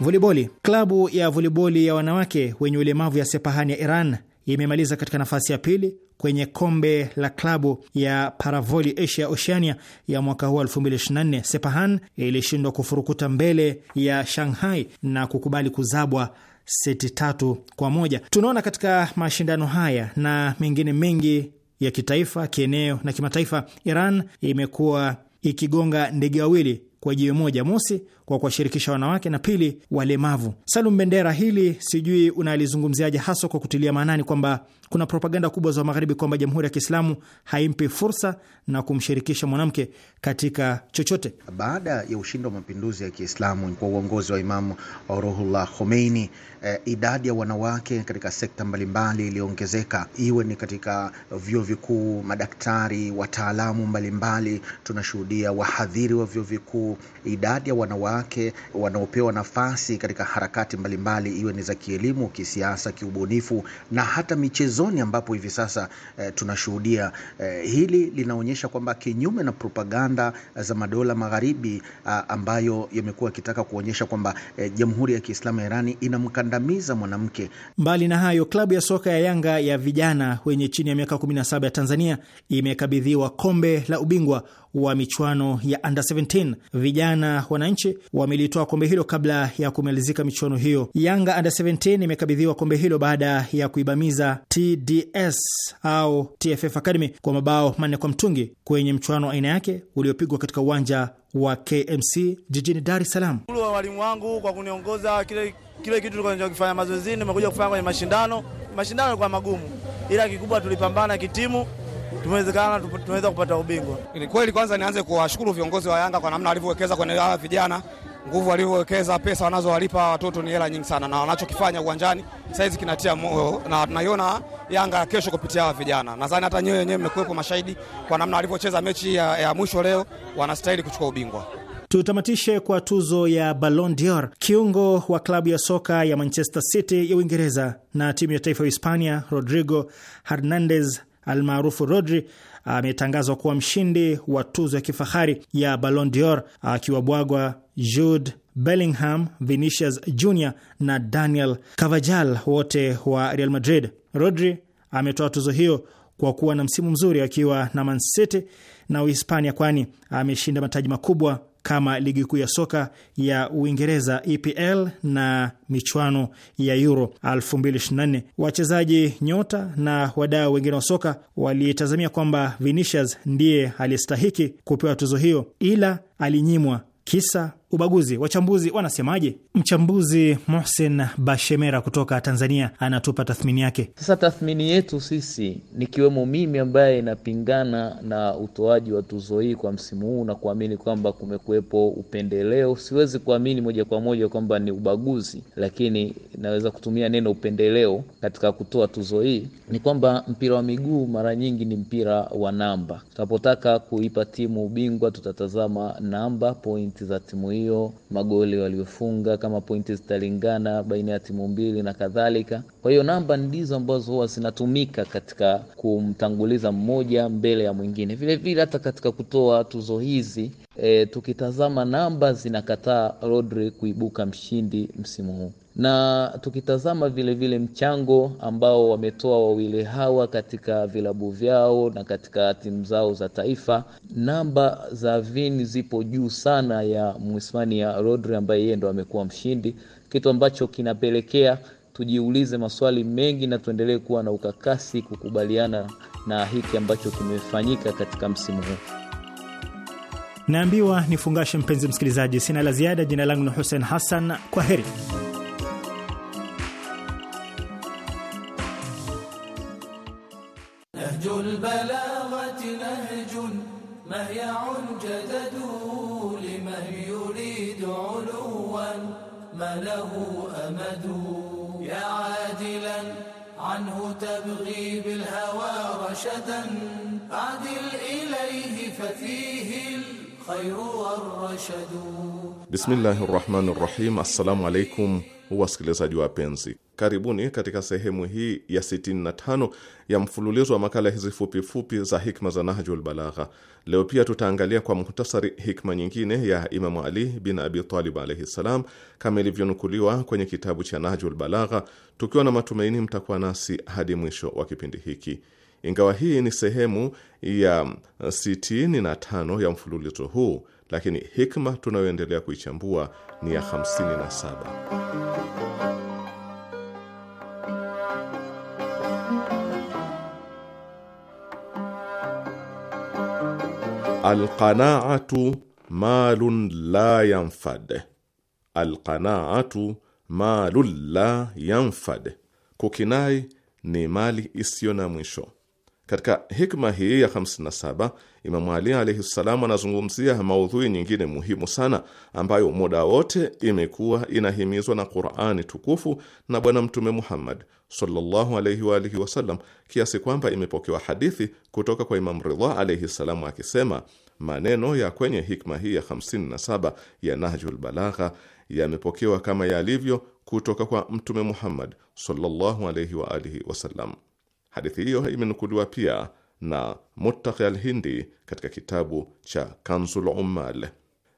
Speaker 4: Voliboli. Klabu ya voliboli ya wanawake wenye ulemavu ya Sepahani ya Iran imemaliza katika nafasi ya pili kwenye kombe la klabu ya Paravoli Asia Oceania ya mwaka huu 2024. Sepahan ilishindwa kufurukuta mbele ya Shanghai na kukubali kuzabwa seti tatu kwa moja. Tunaona katika mashindano haya na mengine mengi ya kitaifa, kieneo na kimataifa, Iran imekuwa ikigonga ndege wawili kwa jiwe moja. Mosi, kwa kuwashirikisha wanawake na pili, walemavu. Salum Bendera, hili sijui unalizungumziaje, haswa kwa kutilia maanani kwamba kuna propaganda kubwa za Magharibi kwamba Jamhuri ya Kiislamu haimpi fursa na kumshirikisha mwanamke katika chochote. Baada ya ushindi wa mapinduzi ya Kiislamu kwa uongozi wa Imamu Ruhullah Khomeini, eh, idadi ya wanawake katika sekta mbalimbali iliongezeka, iwe ni katika vyuo vikuu, madaktari, wataalamu mbalimbali. Tunashuhudia wahadhiri wa vyuo vikuu, idadi ya wanawake wanawake wanaopewa nafasi katika harakati mbalimbali mbali, iwe ni za kielimu, kisiasa, kiubunifu na hata michezoni ambapo hivi sasa eh, tunashuhudia eh, hili linaonyesha kwamba kinyume na propaganda za madola magharibi ah, ambayo yamekuwa yakitaka kuonyesha kwamba eh, Jamhuri ya Kiislamu ya Irani inamkandamiza mwanamke. Mbali na hayo, klabu ya soka ya Yanga ya vijana wenye chini ya miaka 17 ya Tanzania imekabidhiwa kombe la ubingwa wa michuano ya under 17. Vijana wananchi wamelitoa kombe hilo kabla ya kumalizika michuano hiyo. Yanga under 17 imekabidhiwa kombe hilo baada ya kuibamiza TDS au TFF Academy kwa mabao manne kwa mtungi kwenye mchuano aina yake uliopigwa katika uwanja wa KMC jijini Dar es Salaam. wa walimu wangu kwa kuniongoza kile kile kitu tulikuwa kufanya mazoezini, nimekuja kufanya kwenye mashindano. Mashindano yalikuwa magumu, ila kikubwa tulipambana kitimu tumewezekana tunaweza kupata ubingwa. Ni kweli. Kwanza nianze kuwashukuru viongozi wa Yanga kwa namna walivyowekeza kwenye hawa vijana, nguvu walivyowekeza, pesa wanazowalipa watoto ni hela nyingi sana, na wanachokifanya uwanjani saizi kinatia moyo, na tunaiona Yanga kesho kupitia hawa vijana. Nadhani hata nyewe wenyewe mmekuwepo mashahidi kwa namna walivyocheza mechi ya, ya mwisho leo, wanastahili kuchukua ubingwa. Tutamatishe kwa tuzo ya Ballon d'Or. Kiungo wa klabu ya soka ya Manchester City ya Uingereza na timu ya taifa ya Hispania, Rodrigo Hernandez almaarufu Rodri ametangazwa kuwa mshindi wa tuzo ya kifahari ya Ballon d'Or akiwabwagwa Jude Bellingham, Vinicius Jr na Daniel Carvajal wote wa Real Madrid. Rodri ametoa tuzo hiyo kwa kuwa na msimu mzuri akiwa na Man City na Uhispania, kwani ameshinda mataji makubwa kama ligi kuu ya soka ya Uingereza EPL na michuano ya Euro 2024. Wachezaji nyota na wadau wengine wa soka walitazamia kwamba Vinicius ndiye alistahiki kupewa tuzo hiyo, ila alinyimwa kisa ubaguzi. Wachambuzi wanasemaje? Mchambuzi Mohsen Bashemera kutoka Tanzania anatupa tathmini yake. Sasa tathmini yetu
Speaker 1: sisi, nikiwemo mimi ambaye inapingana na utoaji wa tuzo hii kwa msimu huu na kuamini kwamba kumekuwepo upendeleo, siwezi kuamini moja kwa moja kwamba ni ubaguzi, lakini naweza kutumia neno upendeleo katika kutoa tuzo hii, ni kwamba mpira wa miguu mara nyingi ni mpira wa namba. Tunapotaka kuipa timu ubingwa, tutatazama namba pointi za timu hii hiyo, magoli waliofunga, kama pointi zitalingana baina ya timu mbili na kadhalika. Kwa hiyo namba ndizo ambazo huwa zinatumika katika kumtanguliza mmoja mbele ya mwingine. Vile vile hata katika kutoa tuzo hizi e, tukitazama namba zinakataa Rodri kuibuka mshindi msimu huu na tukitazama vile vile mchango ambao wametoa wawili hawa katika vilabu vyao na katika timu zao za taifa, namba za vini zipo juu sana ya Mhispania Rodri ambaye yeye ndo amekuwa mshindi, kitu ambacho kinapelekea tujiulize maswali mengi na tuendelee kuwa na ukakasi kukubaliana na hiki ambacho kimefanyika katika msimu huu.
Speaker 4: Naambiwa nifungashe, mpenzi msikilizaji, sina la ziada. Jina langu ni Hussein Hassan, kwa heri.
Speaker 5: نهج البلاغة نهج مهيع جدد لمن يريد علوا ما له أمد يا عادلا عنه تبغي بالهوى
Speaker 1: رشدا عدل إليه ففيه الخير والرشد
Speaker 6: بسم الله الرحمن الرحيم السلام عليكم Wasikilizaji wapenzi, karibuni katika sehemu hii ya 65 ya mfululizo wa makala hizi fupifupi za hikma za Nahjul Balagha. Leo pia tutaangalia kwa muhtasari hikma nyingine ya Imamu Ali bin Abi Talib alaihi ssalam, kama ilivyonukuliwa kwenye kitabu cha Nahjul Balagha, tukiwa na matumaini mtakuwa nasi hadi mwisho wa kipindi hiki. Ingawa hii ni sehemu ya 65 ya mfululizo huu lakini hikma tunayoendelea kuichambua ni ya 57. Alqanaatu malun la yanfad, alqanaatu malun la yanfad, kukinai ni mali isiyo na mwisho. Katika hikma hii ya 57 Imamu Ali alaihi ssalam anazungumzia maudhui nyingine muhimu sana ambayo muda wote imekuwa inahimizwa na Qurani tukufu na Bwana Mtume Muhammad sallallahu alaihi wa alihi wasallam, kiasi kwamba imepokewa hadithi kutoka kwa Imam Ridha alaihi ssalamu akisema maneno ya kwenye hikma hii ya 57 ya Nahjul Balagha yamepokewa kama yalivyo kutoka kwa Mtume Muhammad sallallahu alaihi wa alihi wasallam. Hadithi hiyo imenukuliwa pia na Muttaqi al-Hindi katika kitabu cha Kanzul Ummal.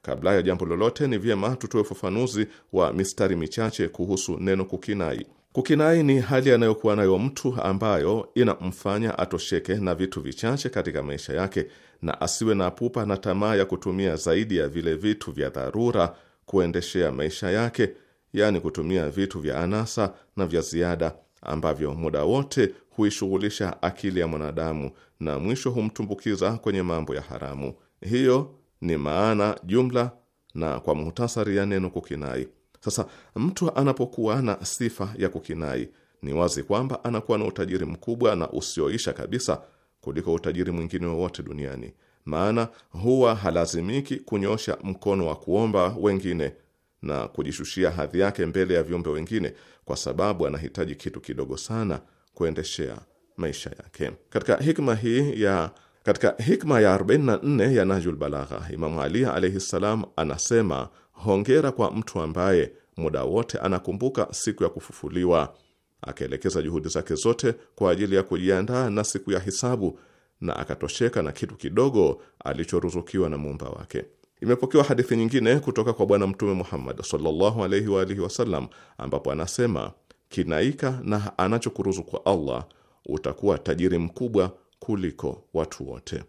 Speaker 6: Kabla ya jambo lolote, ni vyema tutoe ufafanuzi wa mistari michache kuhusu neno kukinai. Kukinai ni hali anayokuwa nayo mtu ambayo inamfanya atosheke na vitu vichache katika maisha yake na asiwe na pupa na tamaa ya kutumia zaidi ya vile vitu vya dharura kuendeshea maisha yake, yaani kutumia vitu vya anasa na vya ziada ambavyo muda wote huishughulisha akili ya mwanadamu na mwisho humtumbukiza kwenye mambo ya haramu. Hiyo ni maana jumla na kwa muhtasari ya neno kukinai. Sasa mtu anapokuwa na sifa ya kukinai, ni wazi kwamba anakuwa na utajiri mkubwa na usioisha kabisa kuliko utajiri mwingine wowote duniani, maana huwa halazimiki kunyosha mkono wa kuomba wengine na kujishushia hadhi yake mbele ya viumbe wengine, kwa sababu anahitaji kitu kidogo sana kuendeshea maisha yake. Katika hikma hii ya katika hikma ya 44 ya Nahjul Balagha, Imamu Ali alayhi salam anasema, hongera kwa mtu ambaye muda wote anakumbuka siku ya kufufuliwa, akaelekeza juhudi zake zote kwa ajili ya kujiandaa na siku ya hisabu, na akatosheka na kitu kidogo alichoruzukiwa na muumba wake. Imepokewa hadithi nyingine kutoka kwa Bwana Mtume Muhammad sallallahu alayhi wa alihi wasallam, ambapo anasema kinaika na anachokuruzu kwa Allah, utakuwa tajiri mkubwa kuliko watu wote.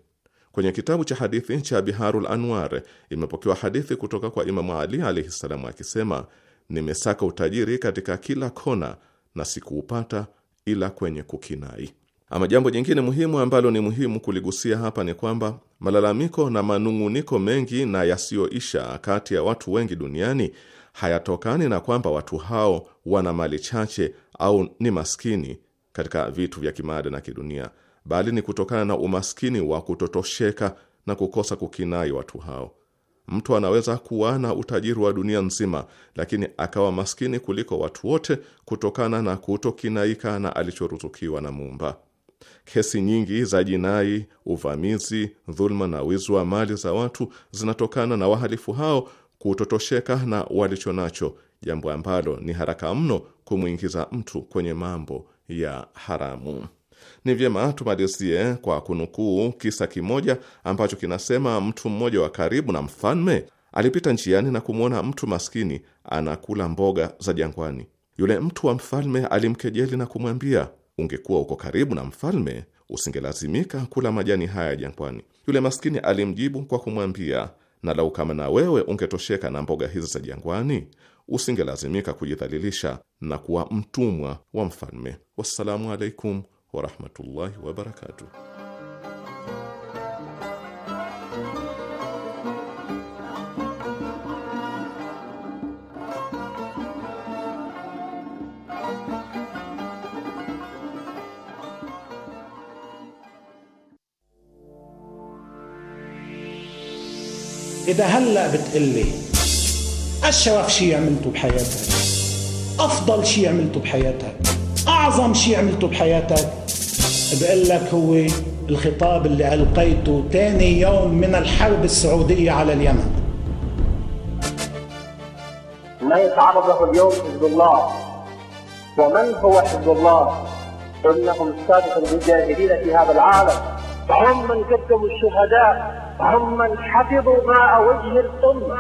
Speaker 6: Kwenye kitabu cha hadithi cha Biharul Anwar imepokewa hadithi kutoka kwa Imamu Ali alaihi salamu akisema, nimesaka utajiri katika kila kona na sikuupata ila kwenye kukinai. Ama jambo jingine muhimu ambalo ni muhimu kuligusia hapa ni kwamba malalamiko na manung'uniko mengi na yasiyoisha kati ya watu wengi duniani hayatokani na kwamba watu hao wana mali chache au ni maskini katika vitu vya kimaada na kidunia, bali ni kutokana na umaskini wa kutotosheka na kukosa kukinai watu hao. Mtu anaweza kuwa na utajiri wa dunia nzima, lakini akawa maskini kuliko watu wote kutokana na kutokinaika na alichoruzukiwa na Muumba. Kesi nyingi za jinai, uvamizi, dhuluma na wizi wa mali za watu zinatokana na wahalifu hao kutotosheka na walicho nacho, jambo ambalo ni haraka mno kumwingiza mtu kwenye mambo ya haramu. Ni vyema tumalizie kwa kunukuu kisa kimoja ambacho kinasema, mtu mmoja wa karibu na mfalme alipita njiani na kumwona mtu maskini anakula mboga za jangwani. Yule mtu wa mfalme alimkejeli na kumwambia, ungekuwa uko karibu na mfalme usingelazimika kula majani haya jangwani. Yule maskini alimjibu kwa kumwambia na lau kama na wewe ungetosheka na mboga hizi za jangwani usingelazimika kujidhalilisha na kuwa mtumwa wa mfalme. Wassalamu alaikum warahmatullahi wabarakatuh.
Speaker 4: إذا هلأ بتقلي أشرف شيء عملته بحياتك أفضل شيء عملته بحياتك أعظم شيء عملته بحياتك بقول لك هو الخطاب اللي ألقيته ثاني يوم من الحرب السعودية على اليمن ما يتعرض له اليوم حزب
Speaker 5: الله ومن هو حزب الله إنهم ساده المجاهدين في هذا العالم هم من قدموا الشهداء هم من حفظوا
Speaker 3: ماء وجه الأمة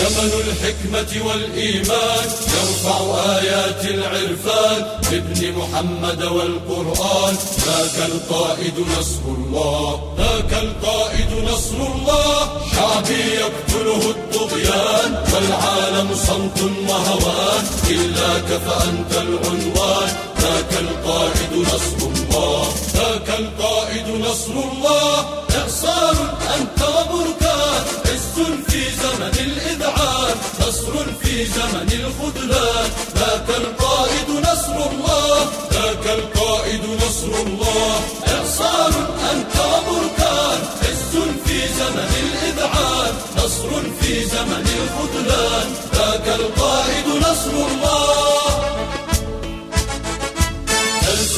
Speaker 5: جمل الحكمة والإيمان يرفع آيات العرفان بابن محمد والقرآن ذاك القائد نصر الله ذاك القائد نصر الله شعبي يقتله الطغيان والعالم صمت وهوان إلا كفأنت العنوان ذاك القائد نصر الله ذاك القائد نصر الله إعصار أنت وبركان عز في زمن الإذعان نصر في زمن الخذلان ذاك القائد نصر الله ذاك القائد نصر الله إعصار أنت وبركان عز في زمن الإذعان نصر في زمن الخذلان ذاك القائد نصر الله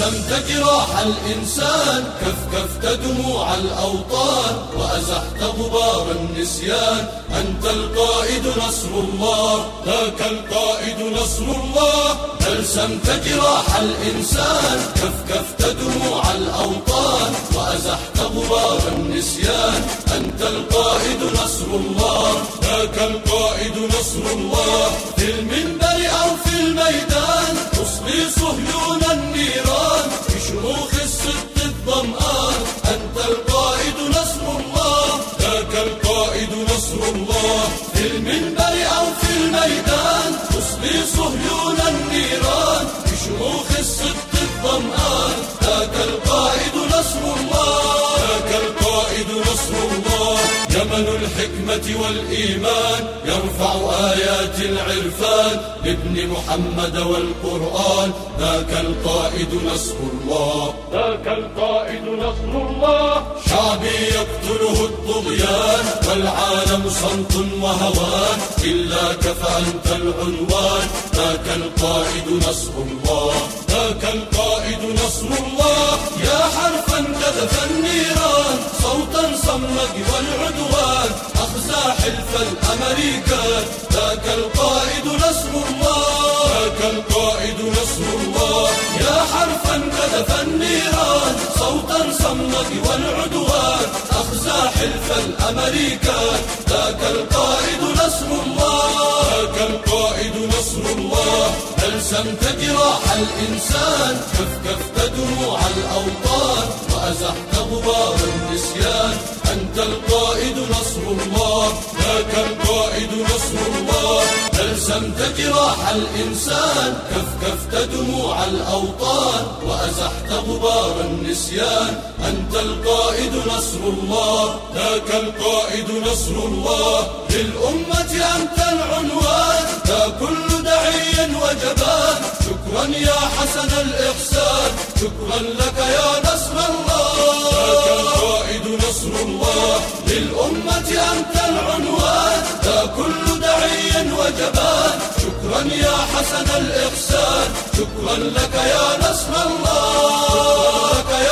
Speaker 5: قسمت جراح الإنسان كفكفت دموع الأوطان وأزحت غبار النسيان أنت القائد نصر الله ذاك القائد نصر الله ألسمت جراح الإنسان كفكفت دموع الأوطان وأزحت غبار النسيان أنت القائد نصر الله ذاك القائد نصر الله في المنبر أو في الميدان تصلي صهيون النيران في شموخ الصدق الظمآن أنت القائد في المنبر أو في الميدان تصلي صهيون النيران بشموخ الصدق الظمآن بالحكمة والإيمان يرفع آيات العرفان لابن محمد والقرآن ذاك القائد نصر الله ذاك القائد نصر الله شعبي يقتله الطغيان والعالم صمت وهوان إلا أنت العنوان ذاك القائد نصر الله ذاك القائد نصر الله يا حرفا كذف النيران صوتا صمد والعدوان أقسى حلف الأمريكان ذاك القائد نصر الله ذاك القائد نصر الله يا حرفا قذف النيران صوتا صمت والعدوان أقسى حلف الأمريكان ذاك القائد نصر الله ذاك القائد نصر الله بل جراح الإنسان كفك جراح الإنسان كفكفت دموع الأوطان وأزحت غبار النسيان أنت القائد نصر الله ذاك القائد نصر الله للأمة أنت العنوان لا كل دعي وجبان شكرا يا حسن الإحسان شكرا لك يا نصر الله ذاك القائد نصر الله للأمة أنت العنوان لا كل دعي وجبان شكرا يا حسن الإحسان شكرا لك يا نصر الله شكرا لك يا